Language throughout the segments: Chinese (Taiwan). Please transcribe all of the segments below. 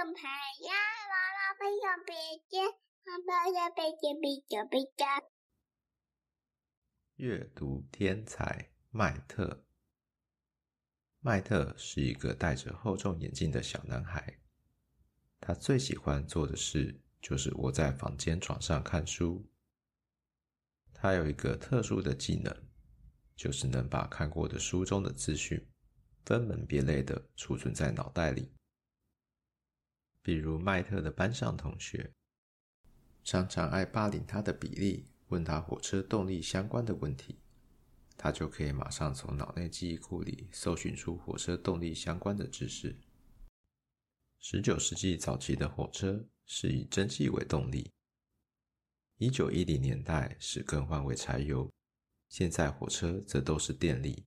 閱讀天才麥特。麥特是一個戴着厚重眼鏡的小男孩，他最喜歡做的事就是窩在房間床上看書。他有一個特殊的技能，就是能把看過的書中的資訊分門別類的儲存在腦袋裡。比如麥特的班上同學，常常愛霸凌他的比利，問他火車動力相關的問題，他就可以馬上從腦內記憶庫裡搜尋出火車動力相關的知識。十九世紀早期的火車是以蒸汽為動力，一九一零年代是更換為柴油，現在火車則都是電力。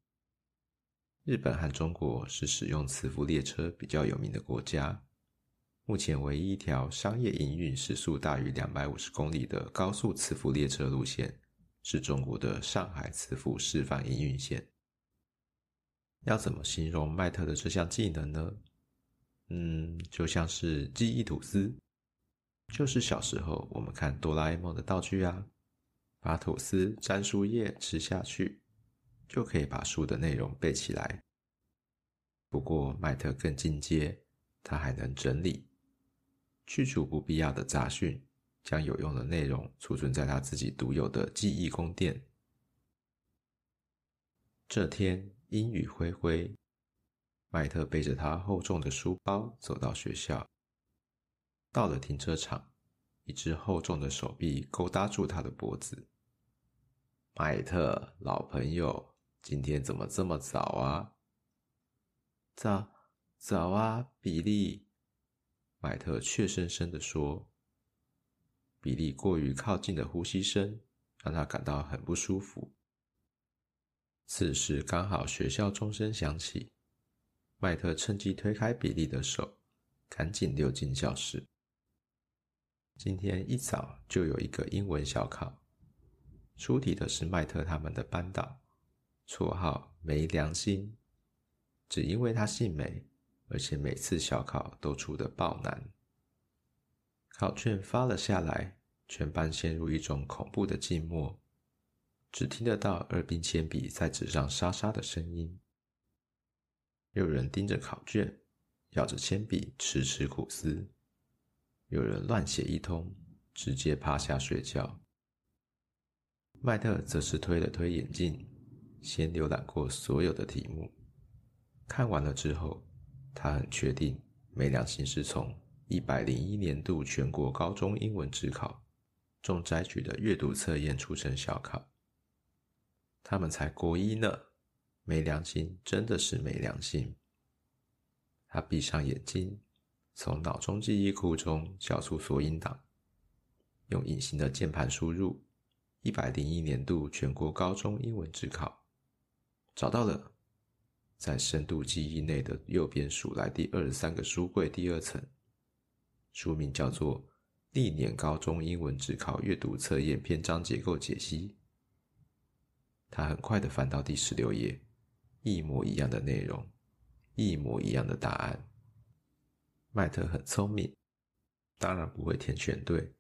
日本和中國是使用磁浮列車比較有名的國家。目前唯一一條商業營運時速大於兩百五十公里的高速磁浮列車路線，是中國的上海磁浮示範營運線。要怎麼形容麥特的這項技能呢？嗯，就像是記憶吐司，就是小時候我們看哆啦 A 夢的道具啊，把吐司沾書頁吃下去，就可以把書的內容背起來。不過麥特更進階，他還能整理。去除不必要的雜訊，將有用的內容儲存在他自己獨有的記憶宮殿。這天陰雨霏霏，麥特背着他厚重的書包走到學校。到了停車場，一隻厚重的手臂勾搭住他的脖子。麥特，老朋友，今天怎麼這麼早啊？早，早啊，比利。麥特怯生生地說：“比利過於靠近的呼吸聲讓他感到很不舒服。”此時剛好學校鐘聲響起，麥特趁機推開比利的手，趕緊溜進教室。今天一早就有一個英文小考，出題的是麥特他們的班導，綽號“沒良心”，只因為他姓梅。而且每次小考都出的爆難，考卷發了下來，全班陷入一種恐怖的寂寞，只聽得到二兵鉛筆在紙上沙沙的聲音。有人盯着考卷，咬着鉛筆，遲遲苦思；有人亂寫一通，直接趴下睡覺。麥特則是推了推眼鏡，先瀏覽過所有的題目，看完了之後。他很確定，沒良心是從一百零一年度全國高中英文指考中摘取的閱讀測驗出成小考。他們才國一呢，沒良心真的是沒良心。他閉上眼睛，從腦中記憶庫中找出索引檔，用隱形的鍵盤輸入“一百零一年度全國高中英文指考”，找到了。在深度記憶內的右邊數來第二十三個書櫃第二層，書名叫做《歷年高中英文指考閱讀測驗篇章結構解析》。他很快的翻到第十六頁，一模一樣的內容，一模一樣的答案。麥特很聰明，當然不會填全對，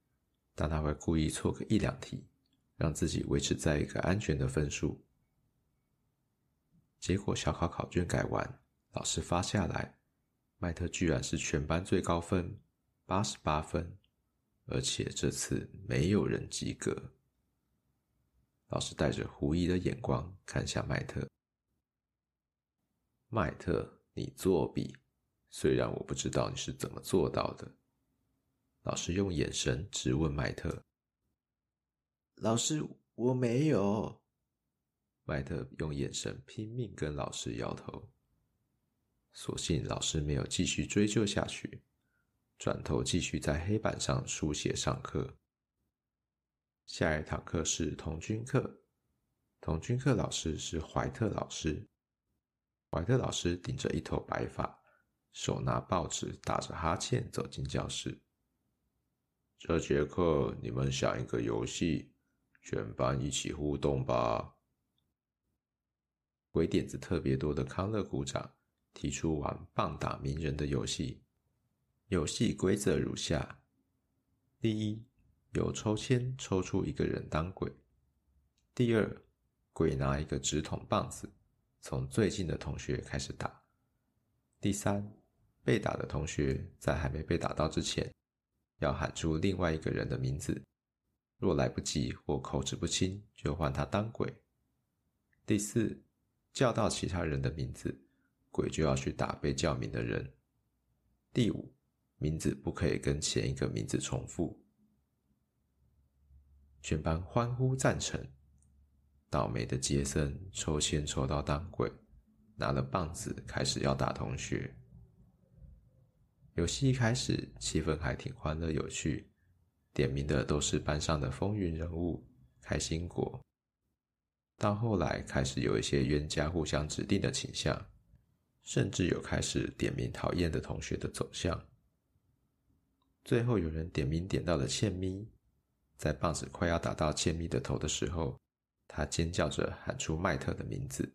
但他會故意錯個一兩題，讓自己維持在一個安全的分數。結果小考考卷改完，老師發下來，麥特居然是全班最高分，八十八分，而且這次沒有人及格。老師帶着狐疑的眼光看向麥特，麥特，你作弊，雖然我不知道你是怎麼做到的。老師用眼神質問麥特，老師，我沒有。麥特用眼神拼命跟老師搖頭，所幸老師沒有繼續追究下去，轉頭繼續在黑板上書寫上課。下一堂課是童軍課，童軍課老師是懷特老師。懷特老師頂着一頭白髮，手拿報紙打着哈欠走進教室。這節課你們想一個遊戲，全班一起互動吧。鬼點子特別多的康樂股長提出玩棒打名人的遊戲。遊戲規則如下：第一，有抽籤抽出一個人當鬼；第二，鬼拿一個直筒棒子，從最近的同學開始打；第三，被打的同學在還沒被打到之前，要喊出另外一個人的名字；若來不及或口齒不清，就換他當鬼；第四。叫到其他人的名字，鬼就要去打被叫名的人。第五，名字不可以跟前一個名字重複。全班歡呼贊成。倒霉的杰森抽籤抽到當鬼，拿了棒子開始要打同學。遊戲一開始，氣氛還挺歡樂有趣，點名的都是班上的風雲人物、開心果。到後來，開始有一些冤家互相指定的傾向，甚至有開始點名討厭的同學的走向。最後有人點名點到了倩咪，在棒子快要打到倩咪的頭的時候，他尖叫着喊出麥特的名字。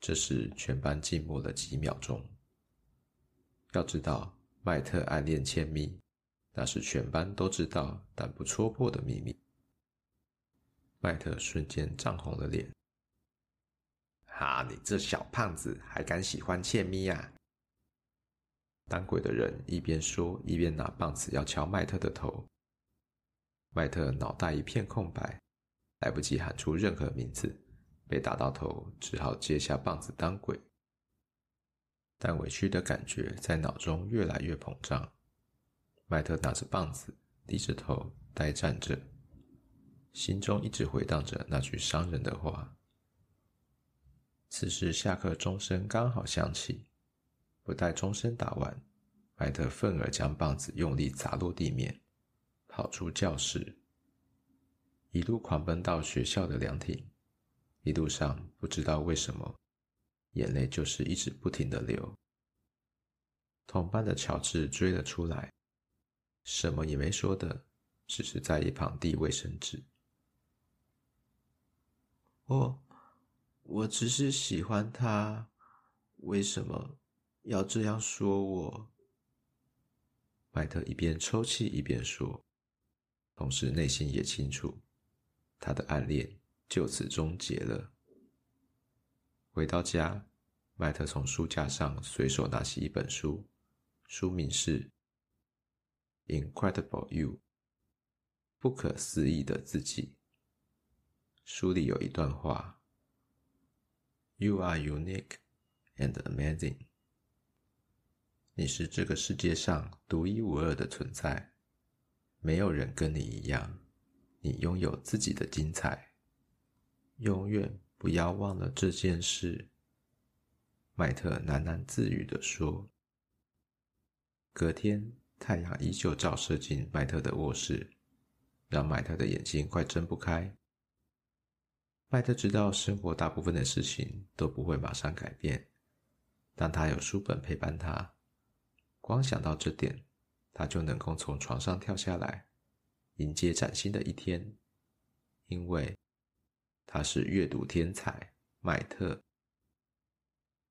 這是全班靜默了幾秒鐘。要知道，麥特暗戀倩咪，那是全班都知道但不戳破的秘密。麥特瞬間漲紅了臉，“啊，你這小胖子還敢喜歡茜咪呀，啊！”當鬼的人一邊說，一邊拿棒子要敲麥特的頭。麥特腦袋一片空白，來不及喊出任何名字，被打到頭，只好接下棒子當鬼。但委屈的感覺在腦中越來越膨脹。麥特拿着棒子，低着頭呆站着。心中一直迴盪着那句傷人的話。此時下課鐘聲剛好響起，不待鐘聲打完，麥特憤而將棒子用力砸落地面，跑出教室，一路狂奔到學校的涼亭。一路上不知道為什麼，眼淚就是一直不停的流。同班的喬治追了出來，什麼也沒說的，只是在一旁遞衛生紙。哦，oh, 我只是喜歡他，為什麼要這樣說我？麥特一邊抽泣一邊說，同時內心也清楚，他的暗戀就此終結了。回到家，麥特從書架上隨手拿起一本書，書名是《Incredible You》，不可思議的自己。書裡有一段話：“You are unique and amazing.” 你是這個世界上獨一無二的存在，沒有人跟你一樣，你擁有自己的精彩。永遠不要忘了這件事。”麥特喃喃自語地說。隔天，太陽依舊照射進麥特的臥室，讓麥特的眼睛快睜不開。麥特知道，生活大部分的事情都不會馬上改變，但他有書本陪伴他。光想到這點，他就能夠從床上跳下來，迎接嶄新的一天，因為他是閱讀天才麥特。